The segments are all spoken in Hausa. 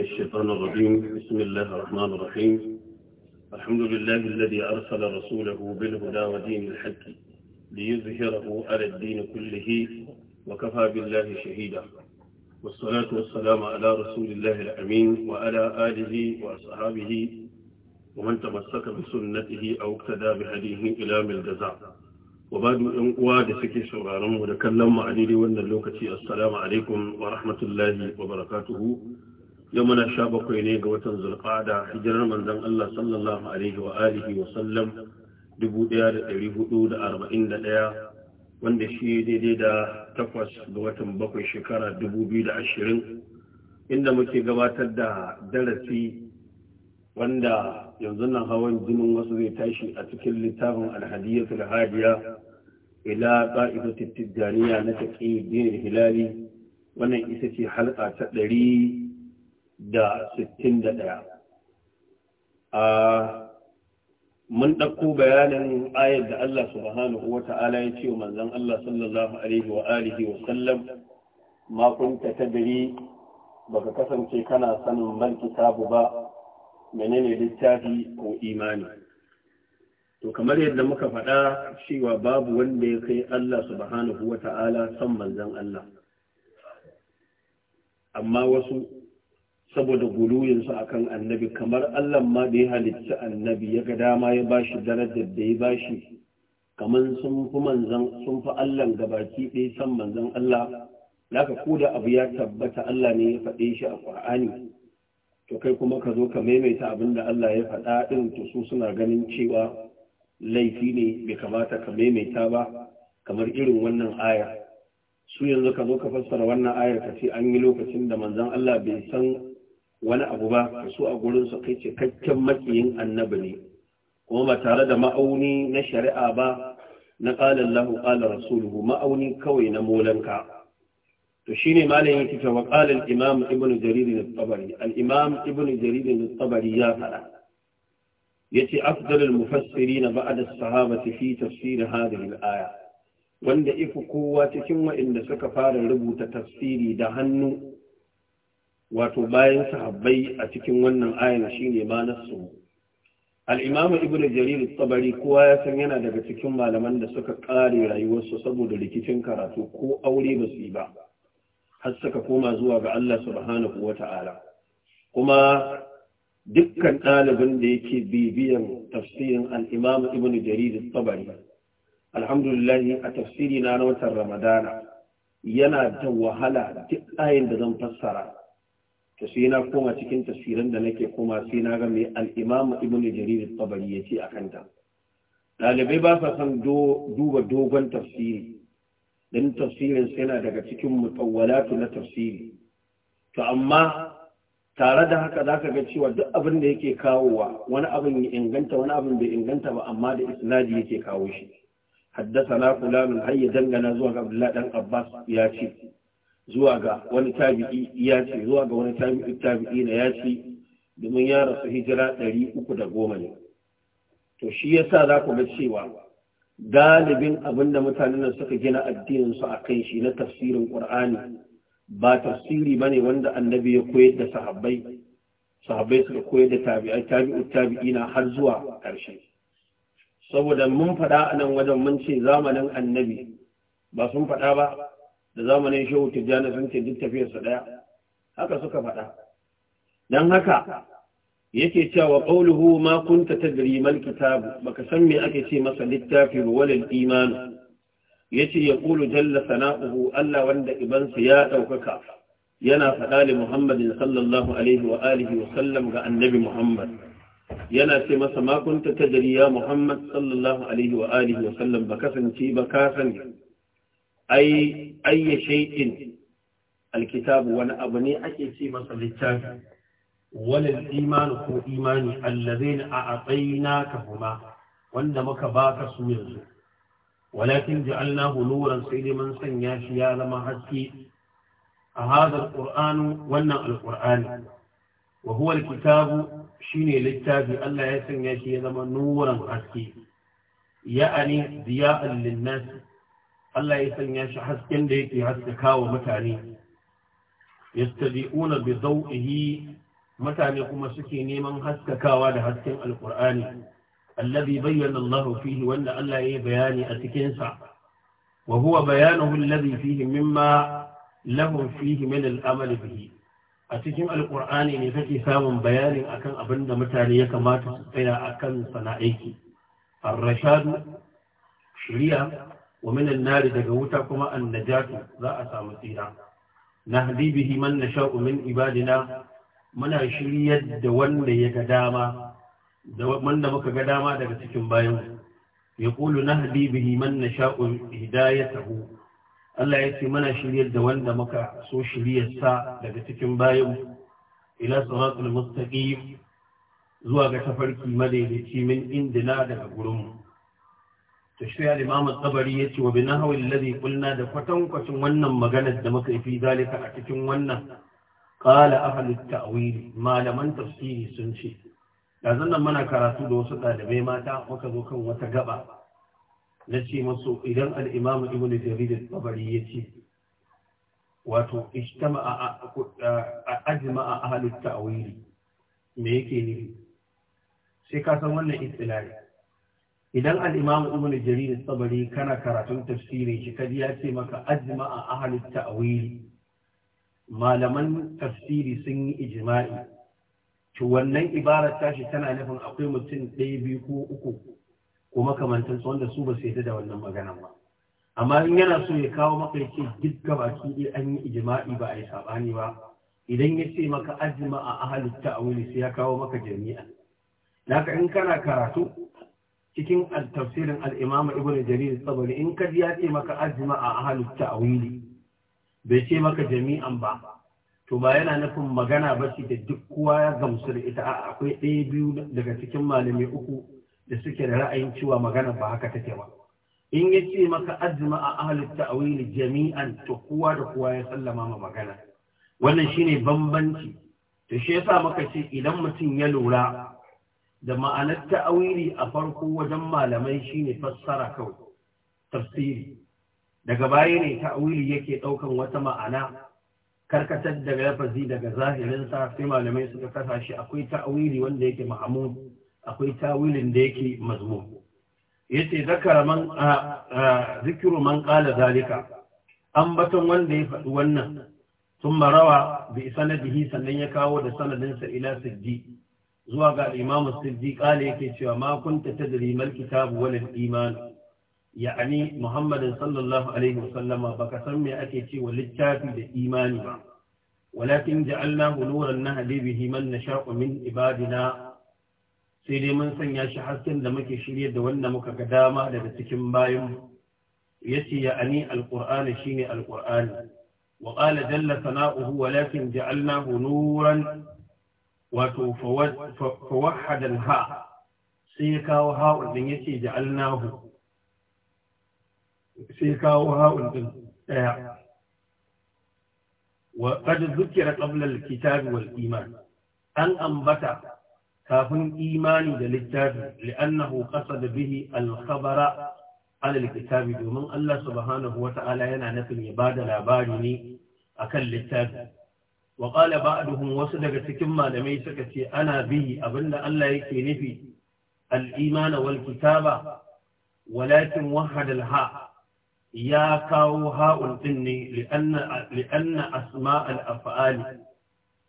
الشيطان الرجيم بسم الله الرحمن الرحيم الحمد لله الذي أرسل رسوله بالهدى ودين الحق ليظهره على الدين كله وكفى بالله شهيدا والصلاة والسلام على رسول الله الأمين وعلى آله وأصحابه ومن تمسك بسنته أو اقتدى بهديه إلى من الجزاء وبعد أن أواد سكي شرارم ودكلم عليه وأن اللوكة السلام عليكم ورحمة الله وبركاته yau muna sha bakwai ne ga watan zulƙada hijirar manzon Allah sallallahu alaihi wa alihi wa sallam 1441 wanda shi daidai da takwas ga watan bakwai shekara 2020 inda muke gabatar da darasi wanda yanzu nan hawan jinin wasu zai tashi a cikin littafin alhadiyatul hadiya ila qa'idatu tijaniya na taqi din hilali wannan ita ce halka ta ɗari. da sittin da ɗaya. A mun ɗauko bayanin ayar da Allah subhanahu wa ta'ala ya ce wa manzan Allah sallallahu Alaihi wa alihi wa sallam makunta ta dare baka kasance kana sanin malki tabu ba menene littafi ko imani. To kamar yadda muka faɗa cewa babu wanda ya kai Allah subhanahu wa ta'ala son manzan Allah. Amma wasu saboda guluwinsu a kan annabi kamar allah ma da ya halitta annabi ya ga dama ya bashi darajar da ya bashi kamar sun fi manzan sun fi allah baki ɗaya san manzan allah laka ko da abu ya tabbata allah ne ya faɗe shi a ƙwa'ani to kai kuma ka zo ka maimaita abin da allah ya faɗa ɗin to su suna ganin cewa laifi ne bai kamata ka maimaita ba kamar irin wannan aya su yanzu ka zo ka fassara wannan ayar ka ce an yi lokacin da manzan allah bai san wani abu ba su a gurinsu kai cikakken makiyin annabi ne kuma ba tare da ma'auni na shari'a ba na ƙalin lahu ƙalar rasuluhu ma'auni kawai na molanka to shi ne malayin kita wa ƙalin imam ibn na tsabari al'imam ibn na tsabari ya faɗa ya ce afdalin mufassiri na da sahaba ta fi tafsirin hadin al'aya wanda ifi kowa cikin waɗanda suka fara rubuta tafsiri da hannu wato bayan sahabbai a cikin wannan ayan shine ma nasu al ibn jarir tabari kowa ya san yana daga cikin malaman da suka kare rayuwarsu saboda rikicin karatu ko aure ba su yi ba har suka koma zuwa ga Allah subhanahu wata'ala kuma dukkan ɗalibin da yake bibiyan tafsirin al ibn jarir tabari alhamdulillah a tafsiri na watan ramadana yana da wahala duk ayin da zan fassara to sai na koma cikin tafsirin da nake koma sai na ga mai al-Imam Ibn Jarir al-Tabari yace a kanta. Ɗalibai ba sa san duba dogon tafsiri don tafsirin sai yana daga cikin mutawwalatu na tafsiri to amma tare da haka zaka ga cewa duk abin da yake kawowa wani abin ya inganta wani abin bai inganta ba amma da isnadi yake kawo shi حدثنا فلان هيا دنگنا زوغ عبد Abdullahi dan Abbas ya ce. zuwa ga wani tabi'i ya ce zuwa ga wani tabi'i tabi'i na ya ce domin ya rasu hijira ɗari uku da goma ne to shi yasa za ku ga cewa galibin abin da mutanen nan suka gina addininsu a kan shi na tafsirin ƙur'ani ba tafsiri ba ne wanda annabi ya koyar da sahabbai sahabbai suka koyar da tabi'ai tabi'u tabi'i na har zuwa ƙarshe saboda mun faɗa a nan wajen mun ce zamanin annabi ba sun faɗa ba da zamanin shehu tijjani sun ce duk tafiyarsa ɗaya haka suka faɗa don haka yake cewa ƙauluhu ma kunta ta mal kitab baka san me ake ce masa littafi walil iman yace ya qulu jalla sana'uhu Allah wanda ibansa ya ɗaukaka, yana faɗa li Muhammadin sallallahu alaihi wa alihi wa sallam ga annabi Muhammad yana ce masa ma kunta tadri ya Muhammad sallallahu alaihi wa alihi wa sallam ai ayya shay'in alkitabu wani abu ne ake ce masa littafi walil imanu ko imani allazina a'tainaka huma wanda muka baka su yanzu walakin ja'alnahu nuran sai dai man sanya shi ya zama haske a hadar qur'anu wannan Alƙur'ani. wa huwa alkitabu shine littafi Allah ya sanya shi ya zama nuran haske ya'ani diya'an lin-nas Allah ya sanya shi hasken da yake haskaka wa mutane yastadi'una bi dawihi mutane kuma suke neman haskakawa da hasken alqur'ani alladhi bayyana Allah fihi wanda Allah ya bayani a cikinsa. Wahuwa wa huwa bayanuhu alladhi fihi mimma lahum fihi min al bihi a cikin alqur'ani ne kake samun bayanin akan abin da mutane ya kamata su tsaya akan sana'aiki ar-rashad Shirya. wa minan nari daga wuta kuma annajatu za a samu tsira Na bihi man nasha'u min ibadina muna shiryar da wanda ya ga dama da wanda muka ga dama daga cikin bayan ya kulu na bihi man nasha'u hidayatahu Allah ya ce muna shiryar da wanda muka so shiryar sa daga cikin bayan ila salatul mustaqim zuwa ga tafarki madaidaici min indina daga gurinmu to shi ya limam tsabari ya ce wa bi nahawi alladhi qulna da kwatankwacin wannan maganar da muka yi fi zalika a cikin wannan qala ahli at-ta'wil malaman tafsiri sun ce da zannan muna karatu da wasu ɗalibai mata muka zo kan wata gaba na ce masu idan al'imamu ibn jarir babari ya wato ishtama a ajima a me yake ne sai ka san wannan istilari idan al-imam ibn jarir tabari kana karatun tafsirin shi kadi ya ce maka a ahli ta'wil malaman tafsiri sun yi ijima'i? to wannan ibarar tashi tana nufin akwai mutum ɗaya biyu ko uku ko makamantansu wanda su ba su yadda da wannan magana ba amma in yana so ya kawo maka yace duk gabaki ɗaya an yi ijima'i ba a yi saɓani ba idan ya ce maka ajma a ahalin ta'awili sai ya kawo maka jami'a naka in kana karatu cikin tafsirin al-Imam Ibn Jarir saboda in ka ji ya ce maka a ahlus ta'wili bai ce maka jami'an ba to ba yana nufin magana ba ce da duk kowa ya gamsu da ita akwai ɗaya biyu daga cikin malamai uku da suke da ra'ayin cewa magana ba haka take ba in ya ce maka a ahlus ta'wili jami'an to kowa da kowa ya sallama ma magana wannan shine bambanci to shi yasa maka ce idan mutum ya lura da ma'anar ta'awili a farko wajen malamai shine fassara kawai tafsiri daga baya ne ta'awili yake ɗaukan wata ma'ana karkatar da lafazi daga zahirin sa sai malamai suka kasa shi akwai ta'awili wanda yake ma'amun akwai ta'awilin da yake mazmum yace zakara man zikiru man qala zalika ambaton wanda ya faɗi wannan sun marawa bi sanadihi sannan ya kawo da sanadinsa ila sijji zuwa ga imam siddiq ali yake cewa ma ta tadri mal kitab wal iman ya'ani muhammadin sallallahu alaihi wasallama baka san me ake cewa littafi da imani ba walakin ja'alnahu nuran nahdi bihi man nasha'u min ibadina sai dai mun sanya shi hasken da muke shirya da wanda muka ga dama daga cikin bayan yace ya'ani alqur'ani shine alqur'ani wa qala jalla sana'uhu walakin ja'alnahu nuran wato fawahadal ha sai ya kawo haun din yace Alnahu, sai ya kawo ha'ul din daya wa qad zukira qabla kitab wal iman an ambata kafin imani da littafi li'annahu qasada bihi al-khabara ala al domin Allah subhanahu wata'ala yana nufin ya bada labari ne akan littafi wa qala ba'duhum wasu daga cikin malamai suka ce ana bi abinda Allah yake nufi al'imana iman walakin wahada ha ya kawo ha'un din ne li'anna li'anna asma'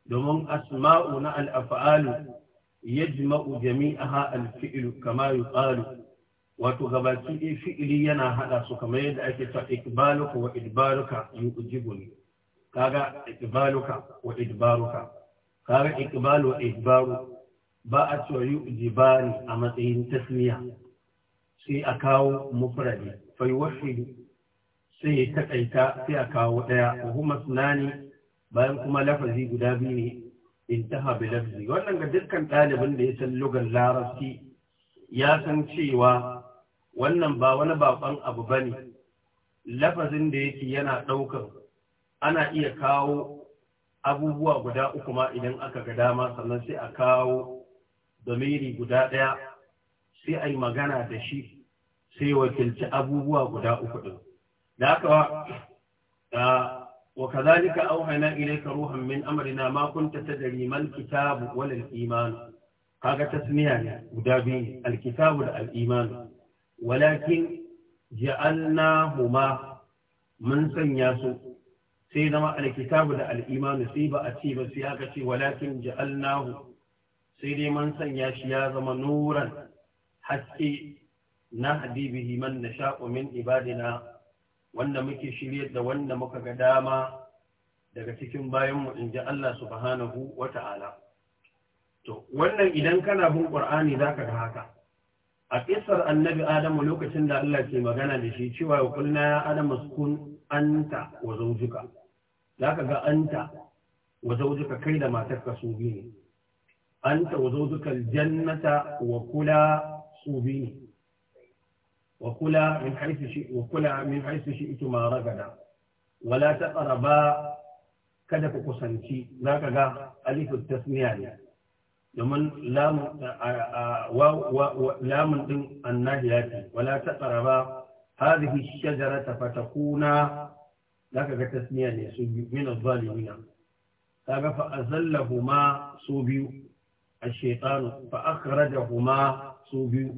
domin asma'u na al-af'al yajma'u jami'aha al-fi'l kama yuqalu wato gabaki ɗaya fi'ili yana haɗa su kamar yadda ake ta ikbaluka wa idbaluka yu'jibuni kaga ikbaluka wa idbaruka kaga ikbalu wa idbaru ba a cewa yu'jibani a matsayin tasmiya sai a kawo mufradi fa yuwahhidu sai ya takaita sai a kawo daya wa sunani bayan kuma lafazi guda biyu ne intaha bi lafzi wannan ga dukkan ɗalibin da ya san lugar larabci ya san cewa wannan ba wani baban abu bane lafazin da yake yana ɗaukar ana iya kawo abubuwa guda uku ma idan aka ga dama sannan sai a kawo zamiri guda ɗaya sai a yi magana da shi sai wakilci abubuwa guda uku ɗin da aka wa kazalika auhayna ka ruhan min amrina ma kunta tadri mal kitabu wal iman kaga tasmiya ne guda biyu al kitabu da al iman walakin ja'alnahuma mun sanya su sai zama alkitabu da al'imanu sai ba a ce ba sai aka ce walakin ja'alnahu sai dai man sanya shi ya zama nuran haske na hadibihi man na min ibadina wanda muke shiryar da wanda muka ga dama daga cikin bayanmu in ji Allah subhanahu wa ta'ala. To, wannan idan kana bin ƙur'ani za ka ga haka. A ƙisar annabi Adamu lokacin da Allah ke magana da shi cewa wa kulna ya Adamu sukun anta wa zaujuka za ka ga anta wa zaujuka kai da matarka su biyu ne anta wa zaujuka aljannata wa kula su biyu ne wa kula min haisu shi wa kula min haisu shi ita ma ragada wala ta qaraba kada ku kusanci za ka ga alifu tasmiya ne domin lamun din annahiya ce wala ta qaraba هذه الشجرة فتكون لك كتسمية من الظالمين فأزلهما صوبيو الشيطان فأخرجهما صوبيو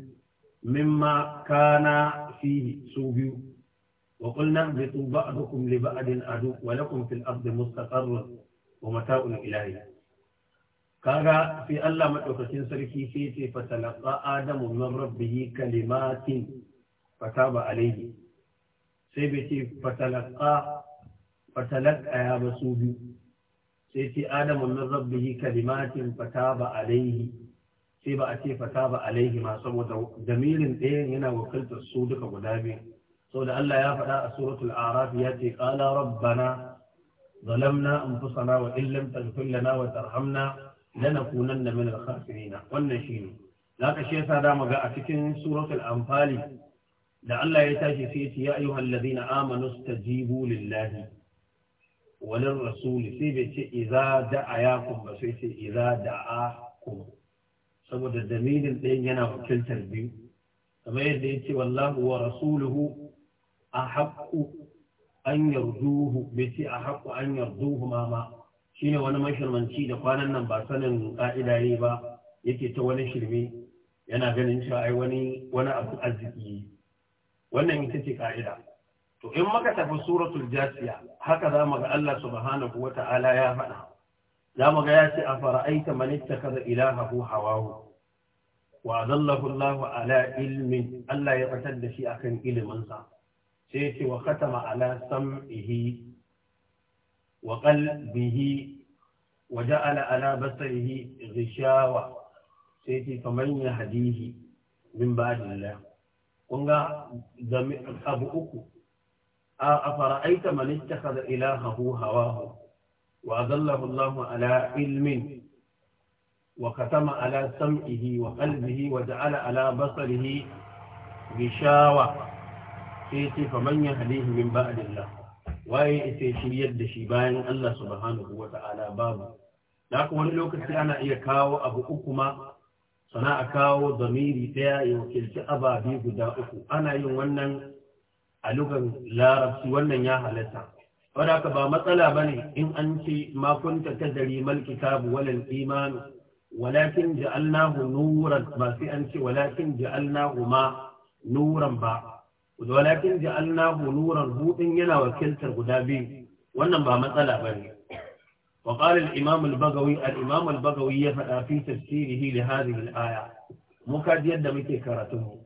مما كان فيه صوبيو وقلنا اهبطوا بعضكم لبعض عدو ولكم في الأرض مستقر ومتاع إلهي كاغا في الله مدوكتين سركي سيتي فتلقى آدم من ربه كلمات fataba alaihi sai bai ce ya ba su biyu sai ce adamu min rabbihi kalimatin fataba alaihi sai ba a ce fataba alaihi ma saboda damirin ɗayan yana wakiltar su duka guda biyu saboda Allah ya faɗa a suratul araf ya ce qala rabbana ظلمنا أنفسنا وإن لم تغفر لنا وترحمنا لنكونن من الخاسرين wannan shine zaka shi yasa da maga a cikin suratul anfali da Allah ya tashi sai ce ya ayyuhal ladina amanu stajibu lillahi walin rasuli sai bai ce idza da'ayakum ba sai ce idza da'akum saboda dalilin ɗayan yana wakiltar biyu kamar yadda ya ce wallahu wa rasuluhu a haƙƙu an yarduhu bai ce a haƙƙu an yarduhu ma ma shine wani mashirmanci da kwanan nan ba sanin ƙa'ida ba yake ta wani shirme yana ganin cewa ai wani wani abu arziki wannan ita ce ka'ida to in muka tafi suratul jasiya haka za mu ga Allah subhanahu wata'ala ya faɗa za mu ga ya ce a fara'aita man ittakhadha ilahahu hawahu wa adallahu Allah ala ilmin Allah ya fatar da shi akan ilimin sa sai ce wa khatama ala sam'ihi wa qalbihi wa ja'ala ala basarihi ghishawa sai ce faman yahdihi min ba'dillah kun ga abu uku a fara'aita man ittakhadha ilahahu hawahu wa adallahu Allahu ala ilmin wa katama ala sam'ihi wa qalbihi wa ja'ala ala basarihi Bishawa. sai ce faman yahdihi min ba'dillah waye ita shiryar da shi bayan Allah subhanahu wa ta'ala babu da wani lokaci ana iya kawo abu uku ma sana a kawo zamiri ɗaya ya wakilci ababe guda uku ana yin wannan a lugan larabci wannan ya halatta wadda ba matsala ba ne in an ce makunta ta dari malki tabu walal imanu walakin ja'alnahu nuran ba sai an ce walakin ja'alnahu ma nuran ba walakin ja'alnahu nuran hudin yana wakiltar guda biyu wannan ba matsala ba ne وقال الإمام البغوي الإمام البغوي يفعل في تفسيره لهذه الآية مكاد يد متي كرته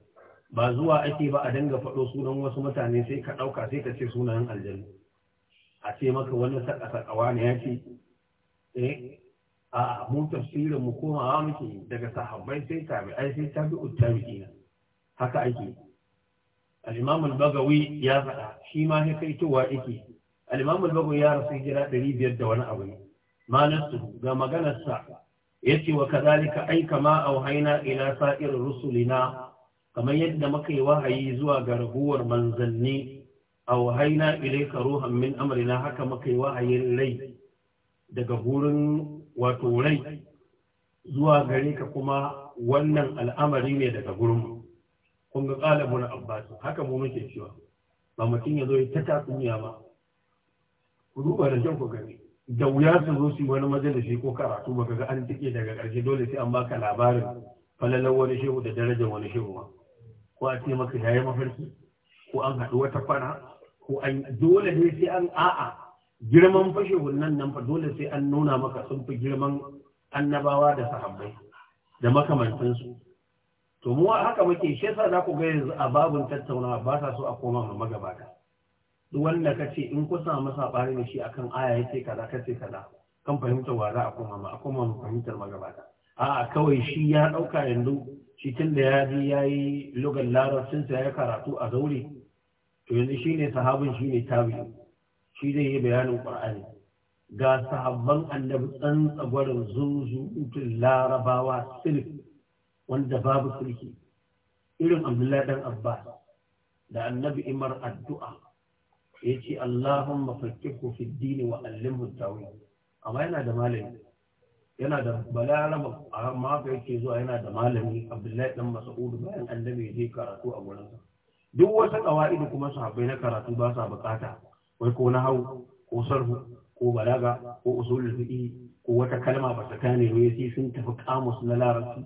بازوا أتي بأدنغ فأصولا وسمتاني سيكا أو كاسيكا سيسونا الجنة أتي مك ونسك أسك أوانياتي إيه a mun tafsirin mu koma muke daga sahabbai sai tabi'ai sai tabi'ut tabi'ina haka ake al-imam al-bagawi ya faɗa shi ma ya kai towa yake al-imam al-bagawi ya rasu ɗari biyar da wani abu ne manasu ga maganarsa yace wa kadhalika ai kama auhayna ila sa'ir rusulina kamar yadda muka yi wahayi zuwa ga raguwar manzanni ila ka ruhan min amrina haka muka yi wahayin rai daga gurin wato rai zuwa gare ka kuma wannan al'amari ne daga gurin kun ga qalibul abbas haka mu muke cewa ba mutum ya zo ya ta tatsuniya ba ku duba da ku gani da wuya su zo su wani majalisi ko karatu baka ga an tike daga ƙarshe dole sai an baka labarin falalar wani shehu da darajar wani shehu ma ko a ce maka yayi mafarki ko an haɗu wata kwana ko an dole ne sai an a'a girman fashe wannan nan fa dole sai an nuna maka sun fi girman annabawa da sahabbai da makamantansu to mu haka muke shi yasa za ku ga yanzu a babun tattaunawa ba sa so a koma mu magabata wanda ka ce in kusa masa bari da shi akan aya yake kaza ka kaza kan fahimtar wa za a koma ma a koma mu fahimtar magabata a'a kawai shi ya dauka yanzu shi tun da ya ji ya yi lugan larabcinsa ya karatu a zaure to yanzu shi ne sahabin shi ne tabi shi zai yi bayanin qur'ani ga sahabban annabi tsantsa zuzu utul larabawa silk wanda babu sulki irin abdullahi dan abbas da annabi imar addu'a ya ce Allahun fi dini wa allin tawil amma yana da malami yana da balaraba a maka yake zuwa yana da malami abdullahi dan mas'ud bayan annabi ya je karatu a gurin sa duk wata kawaidi kuma sahabbai na karatu ba sa bukata wai ko na hau ko sarhu ko balaga ko usulul fiqh ko wata kalma ba ta kane ne sai sun tafi kamus na larabci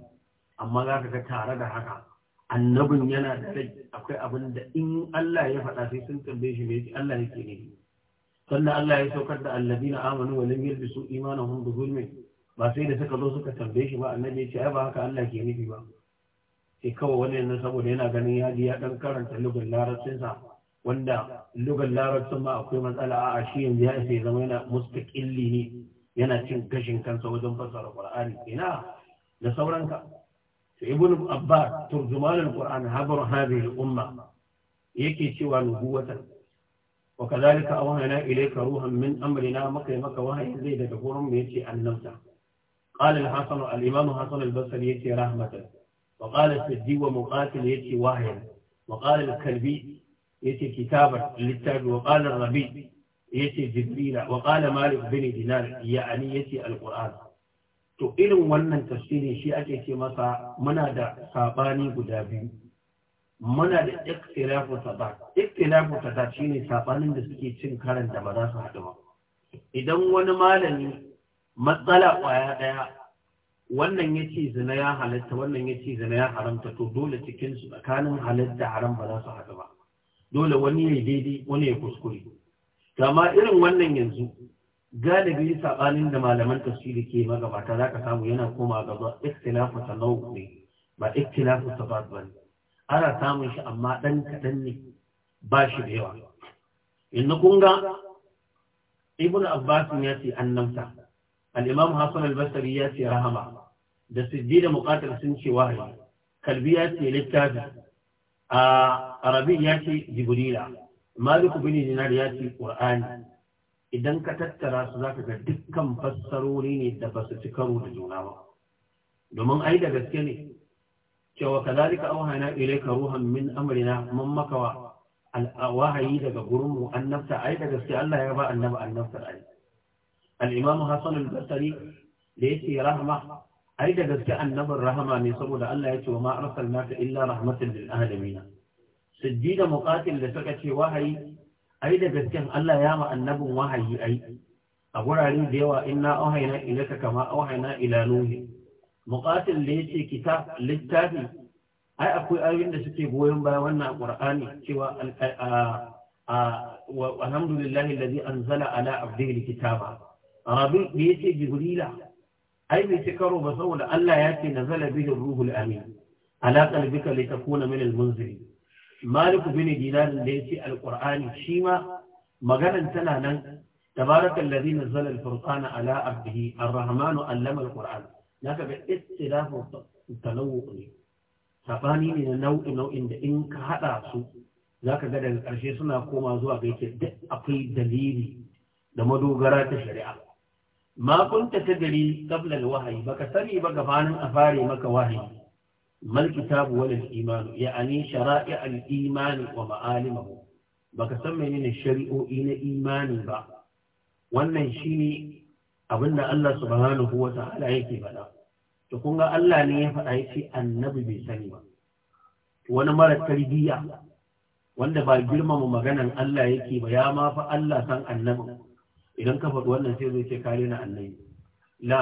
amma ka ga tare da haka annabin yana da rai akwai abin da in Allah ya faɗa sai sun tambaye shi bai Allah yake ne sannan Allah ya saukar da alladina amanu wa lam yalbisu imanahum bi zulmi ba sai da suka zo suka tambaye shi ba annabi ya ce ai ba haka Allah ke nufi ba sai kawai wani yanzu saboda yana ganin ya ji ya dan karanta lugan larabcinsa wanda lugan larabcin ma akwai matsala a shi yanzu ya isa ya zama yana mustaqilli ne yana cin gashin kansa wajen fassara Qur'ani ina da sauranka ابن عباس ترجمان القرآن عبر هذه الأمة يكي سوى نبوة وكذلك أوهنا إليك روحا من أمرنا مكرمك وهي زيد جفور يتي النمسة قال الحسن الإمام حسن البصري يكي رحمة وقال السدي ومقاتل يكي واحد وقال الكلبي يكي كتابة للتاج وقال الربيع يكي جبريل وقال مالك بن دينار يعني يكي القرآن to irin wannan tafsiri shi ake ce masa muna da sabani guda biyu muna da ikhtilafu sadat ikhtilafu sadat shine sabanin da suke cin karan da ba za su haɗu ba idan wani malami matsala kwaya daya wannan ya ce zina ya halatta wannan ya ce zina ya haramta to dole cikin su tsakanin halatta haram ba za su haɗu ba dole wani ya daidai wani ya kuskure kama irin wannan yanzu galibi saɓanin da malaman tafsiri ke magabata za ka samu yana koma gaba ikhtilafu tanau ne ba ikhtilafu sabab ba ana samun shi amma dan kadan ne ba shi da yawa inna kun ga ibnu abbas ya ce annamta al-imam hasan al-basri ya ce rahama da sujji da muqatil sun ce wahayi kalbi ya ce littafi a arabi ya ce jibrila malik bin dinar ya ce qur'ani idan ka tattara su zaka ga dukkan fassarori ne da ba su ci karo da juna ba domin ai da gaske ne cewa kazalika auhana ka ruhan min amrina mun wa wahayi daga gurin mu annabta ai da gaske Allah ya ba annaba annabta ai al-imamu al-basri da yake rahma ai da gaske annabin rahama ne saboda Allah ya ce wa ma nata illa rahmatan lil alamin siddi da muqatil da suka ce wahayi ai da gasken Allah ya ma annabin wahayi ai a gurare da yawa inna auhayna ilaka kama auhaina ila nuhi muqatil da yace kitab littafi ai akwai ayoyin da suke goyon baya wannan qur'ani cewa alhamdulillahi alladhi anzala ala abdihi kitaba. rabi da yace jibrila ai bai ci karo ba saboda Allah ya ce nazala bihi ruhul amin ala qalbika litakuna min almunzirin maliku bin dinarin da ya ce alƙur'ani shima, maganar tana nan tabarakan lazi na zalar furkana ala abdihi arrahmanu allama alƙur'an na kaga istilafu tanawu ne sabani ne na nau'i nau'in da in ka haɗa su za ka ga daga ƙarshe suna koma zuwa ga yake akwai dalili da madogara ta shari'a ma kunta ta gari qabla wahayi baka sani ba gabanin a fare maka wahayi ما الكتاب ولا الإيمان imani wa الإيمان ومعالمه baka san menene shari'o'i na imani ba wannan shine abin da Allah subhanahu wa ta'ala yake faɗa to kun Allah ne ya faɗa yace annabi bai sani ba wani mara tarbiyya wanda ba girmama maganar Allah yake ba ya ma fa Allah san annabi idan ka faɗi wannan sai zai ce kare na annabi la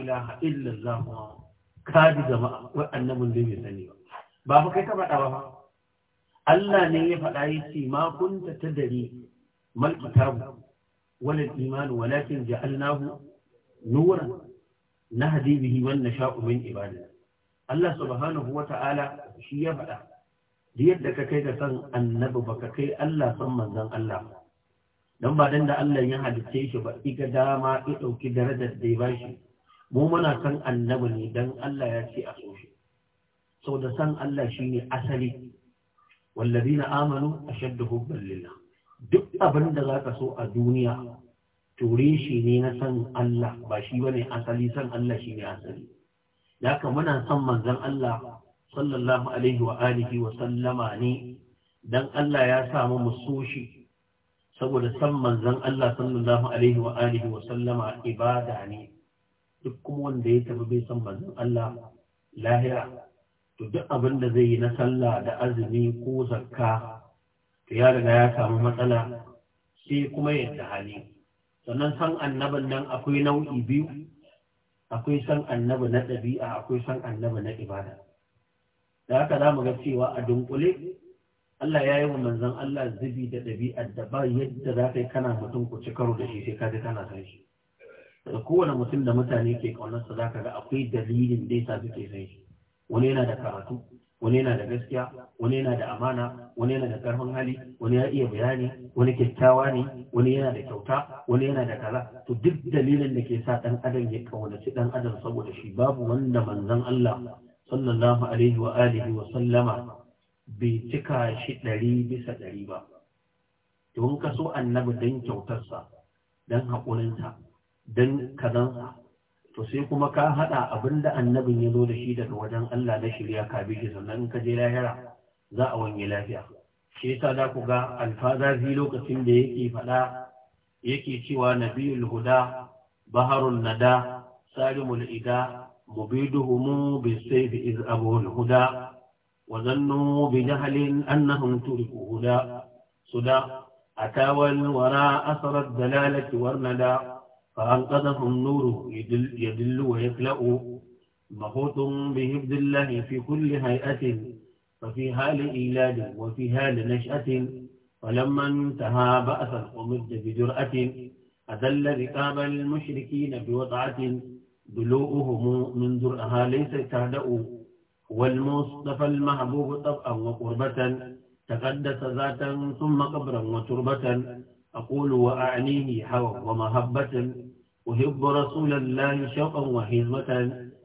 ilaha illallah kadi jama'a wai annabin zai bai sani ba ba fa kai ka faɗa ba Allah ne ya faɗa ce ma kunta dare, mal kitabu wal iman walakin ja'alnahu nuran nahdi bihi man nasha'u min ibadi. Allah subhanahu wata'ala shi ya faɗa da yadda ka kai ga san annabi baka kai Allah san manzon Allah ba don ba da Allah ya halicce shi ba iga dama ya ɗauki darajar da ya bashi mu muna san annabi ne dan Allah ya ce a so shi saboda san Allah shine asali wallazina amanu ashaddu hubban lillah duk abin da zaka so a duniya ture shi ne na san Allah ba shi bane asali san Allah shine asali haka muna san manzon Allah sallallahu alaihi wa alihi wa sallama ne dan Allah ya samu mu so shi saboda san manzon Allah sallallahu alaihi wa alihi wa sallama ibada ne duk kuma wanda ya tafi bai san manzon Allah lahira to duk abin da zai yi na sallah da azumi ko zakka to ya riga ya samu matsala sai kuma yadda hali sannan san annaban nan akwai nau'i biyu akwai san annaba na ɗabi'a akwai san annaba na ibada da haka za mu ga cewa a dunkule Allah ya yi wa manzon Allah zubi da ɗabi'ar da ba yadda za ka yi kana mutum ku ci karo da shi sai ka ji kana san shi daga kowane mutum da mutane ke kaunarsa za ka ga akwai dalilin da ya suke son shi wani yana da karatu wani yana da gaskiya wani yana da amana wani yana da karfin hali wani ya iya bayani wani kyakkyawa ne wani yana da kyauta wani yana da kaza to duk dalilin da ke sa dan adam ya ƙaunaci dan adam saboda shi babu wanda manzon Allah sallallahu alaihi wa alihi wa sallama bai cika shi ɗari bisa ɗari ba. in ka so annabi dan kyautarsa, dan haƙurinsa, don sa. to sai kuma ka haɗa abin da annabin ya zo da shi daga wajen Allah na shirya ka bi shi sannan in ka je lahira za a wanye lafiya shi yasa da ku ga alfazazi lokacin da yake faɗa yake cewa nabiyul huda baharun nada salimul ida mubiduhum bisayf iz abul huda wa zannu bi jahlin annahum turiku huda suda atawal wara asrat dalalati warnada فأنقذه النور يدل, يدل ويكلأ محوط بهبد الله في كل هيئة ففيها لإيلاد وفيها لنشأة فلما انتهى بأسا ومد بجرأة أذل ركاب المشركين بوضعة دلوؤهم من درأها ليس تهدأ والمصطفى المحبوب طبعا وقربة تقدس ذاتا ثم قبرا وتربة أقول وأعنيه حوى ومهبة أحب رسول الله شوقا وحزمة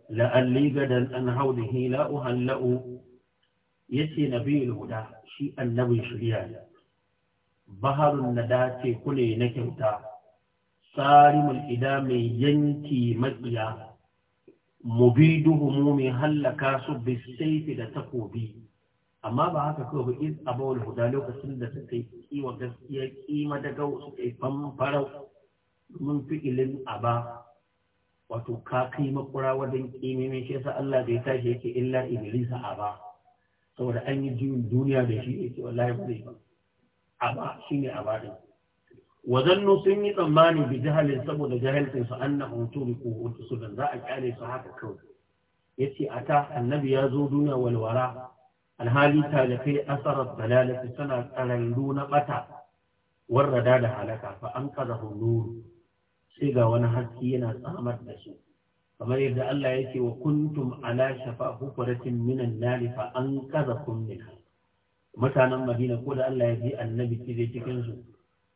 لألي غدا أن حوله لا أهلأ يتي نبي الهدى شيء النبي شريان بحر الندى كل نكوتا صارم الإدام ينتي مكيا مبيد همومي هلكا سب السيف لتقوبي amma ba haka kawai ba iz abawul huda lokacin da suka yi wa gaskiya kima da gau suka yi famfarau mun fi'ilin aba wato ka kai makura wajen kimimin shi yasa Allah da ya tashi yake illa iblisa aba saboda an yi jiwon duniya da shi yake wallahi ba zai ba aba shine aba din sun yi tsammani bi jahalin saboda jahalcin su annahum turiku usulan za a kyale su haka kawai yace ta, annabi ya zo duniya walwara alhali talakai asarar dalalati suna karallu na bata warrada da halaka fa an kaza nuru sai ga wani haske yana tsamar da su kamar yadda Allah ya ce wa kuntum ala shafa hukuratin minan nari fa an kaza kunnika. mutanen Madina ko da Allah ya ji annabi kire cikin su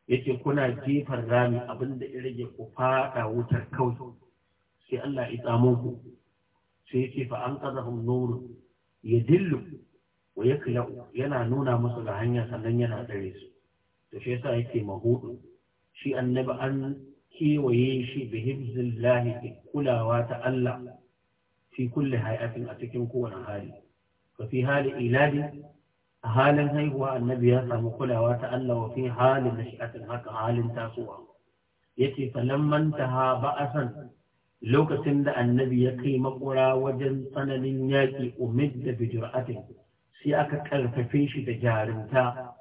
yace kuna jefar rami da ya rage ku fada wutar kawai sai Allah ya tsamo ku sai yace fa an kaza hum Ya dillu. wa yaklau yana nuna musu ga hanya sannan yana tsare su to shi yasa yake mahudu shi annabi an kewaye shi bi hibzillahi kulawa ta Allah fi kulle hayatin a cikin kowane hali wa fi hali iladi a halin haihuwa annabi ya samu kulawa ta Allah wa fi halin nashi'atin haka halin tasowa yace falamman taha ba'asan lokacin da annabi ya kai makura wajen tsananin yaƙi umid da bijir'atin sai aka ƙarfafe shi da jarumta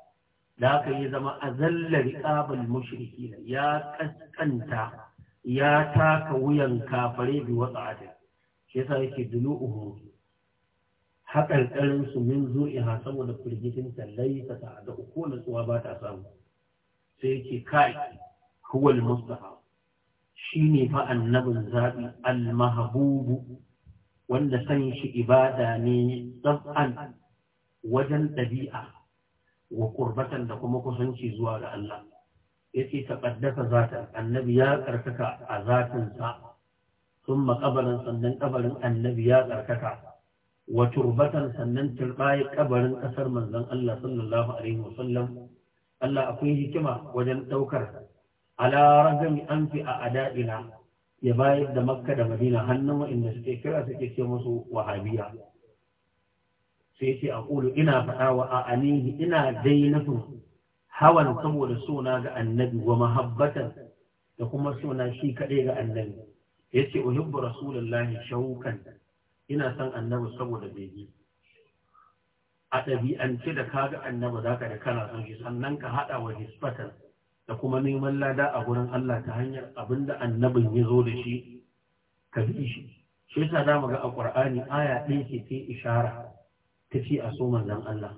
da aka yi zama a zallar ƙabal mushriki ya ƙasƙanta ya taka wuyan kafare bi wasu adin shi yasa yake dulu uhu haƙarƙarin su min zuri'a saboda firgitin tallai ta ta da uku tsuwa ba ta samu sai yake kai huwal mustafa shine fa annabin zaɓi, al wanda san shi ibada ne tsafan wajen ɗabi'a wa qurbatan da kuma kusanci zuwa ga Allah yace taqaddasa zata annabi ya karkaka a zatin sa thumma sannan ƙabarin annabi ya karkaka wa turbatan sannan turbaye ƙabarin ƙasar manzon Allah sallallahu alaihi sallam Allah akwai hikima wajen ɗaukar ala ragami anfi a ada'ina ya bayar da makka da madina hannun wa'inda suke kira suke ce musu wahabiya sai ce a ƙulu ina faɗa wa a anihi ina dainatun hawan saboda suna ga annabi wa mahabbatan da kuma suna shi kaɗai ga annabi ya ce uhibbu rasulullahi shaukan ina son annabi saboda bege a ɗabi'ance da ka ga annabi za ka da kana son shi sannan ka haɗa wa hisbatan da kuma neman lada a gurin Allah ta hanyar abin da annabin ya zo da shi ka bi shi shi yasa za mu ga a ƙur'ani aya ɗaya ce ta ishara tafi a so manzan Allah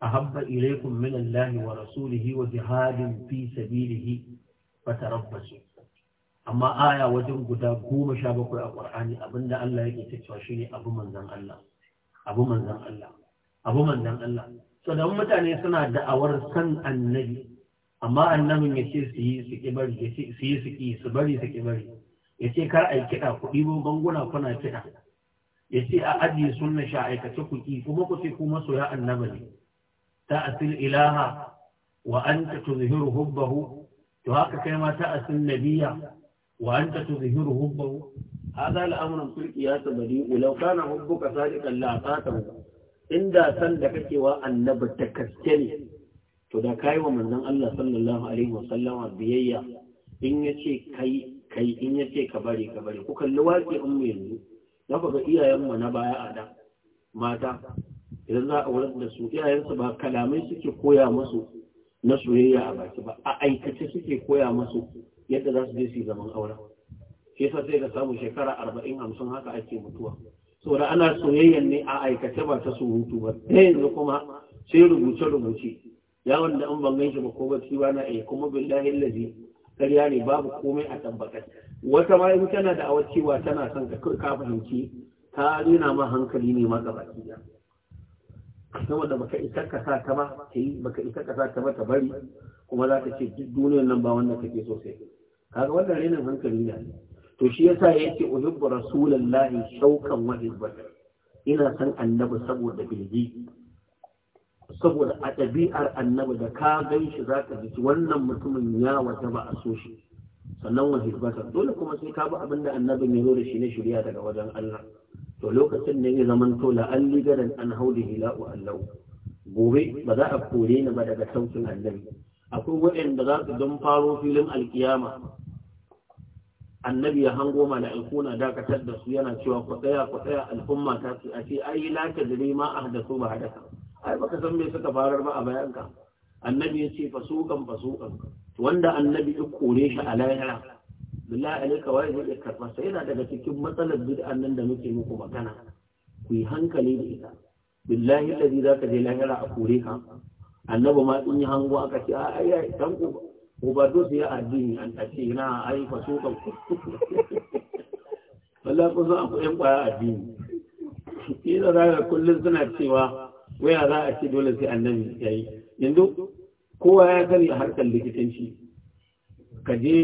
A habba min Allah wa rasulihi wa jihadin fi sabilihi tarabbasu. amma aya wajen guda goma sha bakwai a ƙur'ani abinda Allah yake ta cewa shi ne abu manzan Allah abu manzan Allah abu manzan Allah so da mutane suna da'awar san annabi amma annabin ya ce su yi su ki bari ya su yi su ki bari ya ce kar a yi kiɗa kuɗi ɗibo banguna kuna kiɗa ya ce a ajiye sunna shi a aikace ku ki kuma ku ce ku masoya ilaha wa anta tuzhiru hubbahu to haka kai ma ta'atil nabiyya wa anta tuzhiru hubbahu hada al'amuran fil qiyas badi law kana hubbuka sadiqan la atatahu inda san da kake wa annabi ta kaske ne to da kai wa manzon Allah sallallahu alaihi wa sallama biyayya in yace kai kai in yace ka bari ka bari ku kalli waƙi ummi yanzu za ku ga iyayenmu na baya a da mata idan za a wurin da su iyayensu ba kalamai suke koya musu na soyayya a baki ba a aikace suke koya musu yadda za su je su zaman aure? shi yasa sai ka samu shekara arba'in hamsin haka ake mutuwa saboda ana soyayyan ne a aikace ba ta surutu ba ta yanzu kuma sai rubuce-rubuce yawon da an ban ganshi ba ko ba na iya kuma billahi lazi ƙarya ne babu komai a tabbatar wata ma tana da awar cewa tana son ka ka fahimci ta nuna ma hankali ne ma gaba ɗaya saboda baka isa ka sa ta ba ta yi baka isa ka sa ta ba ta bari kuma za ta ce duk duniyar nan ba wanda kake so sai kaga wannan rainin hankali ne to shi yasa yake uhibbu rasulullahi shaukan wa hibbata ina san annabi saboda bilgi saboda a ɗabi'ar annabi da ka gan shi za ka ji wannan mutumin ya wata ba a so shi sannan wa hikmata dole kuma sai ka bi abin da annabin ya da shi na shirya daga wajen Allah to lokacin da ya zaman to la alli garan an haudi hila'u Allah gobe ba za a kore ni ba daga sautin annabi akwai waɗanda za su don faro filin alkiyama annabi ya hango malaikuna na dakatar da su yana cewa ku tsaya ku tsaya al'umma ta ce a ce ai la tadri ma ahdathu ba hadaka ai baka san me suka farar ba a bayanka annabi ya ce fasukan fasukan wanda annabi ya kore shi a lahira billahi alaika wai zai karba sai yana daga cikin matsalar bid'an nan da muke muku magana ku yi hankali da ita billahi allazi zaka je lahira a kore ka annabi ma in yi hango aka ce a ai dan ku ubado sai addini an tace na ai fasukan wallahi kun za ku yan kwaya addini ina za ka kullum suna cewa waya za a ce dole sai annabi yayi yanzu kowa ya sani a harkar likitanci ka je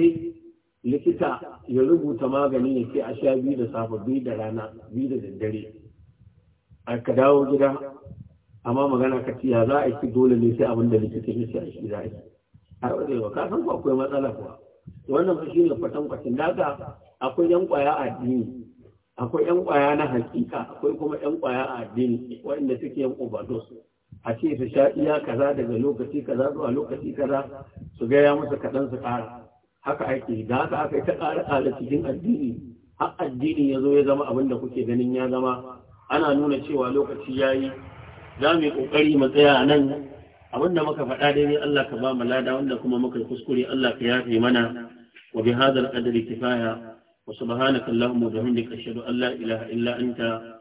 likita ya rubuta magani ya ce a sha biyu da safe biyu da rana biyu da daddare a ka dawo gida amma magana ka ya za a yi dole ne sai abin da likita ya ce a shi za a yi a wajewa ka san ba akwai matsala kuwa wannan shi ne fatan kwatin daga akwai yan kwaya a addini akwai yan kwaya na hakika akwai kuma yan kwaya a addini wanda suke yan overdose a ce su sha iya kaza daga lokaci kaza zuwa lokaci kaza su gaya masa kaɗan su ƙara haka ake da haka aka yi ta ƙara ƙara cikin addini har addini ya zo ya zama abin da kuke ganin ya zama ana nuna cewa lokaci ya yi za mu yi ƙoƙari mu tsaya nan abin da muka faɗa dai ne Allah ka ba mu lada wanda kuma muka yi kuskure Allah ka yafe mana wa bi hadal qadri kifaya wa subhanaka allahumma wa bihamdika ashhadu an la ilaha illa anta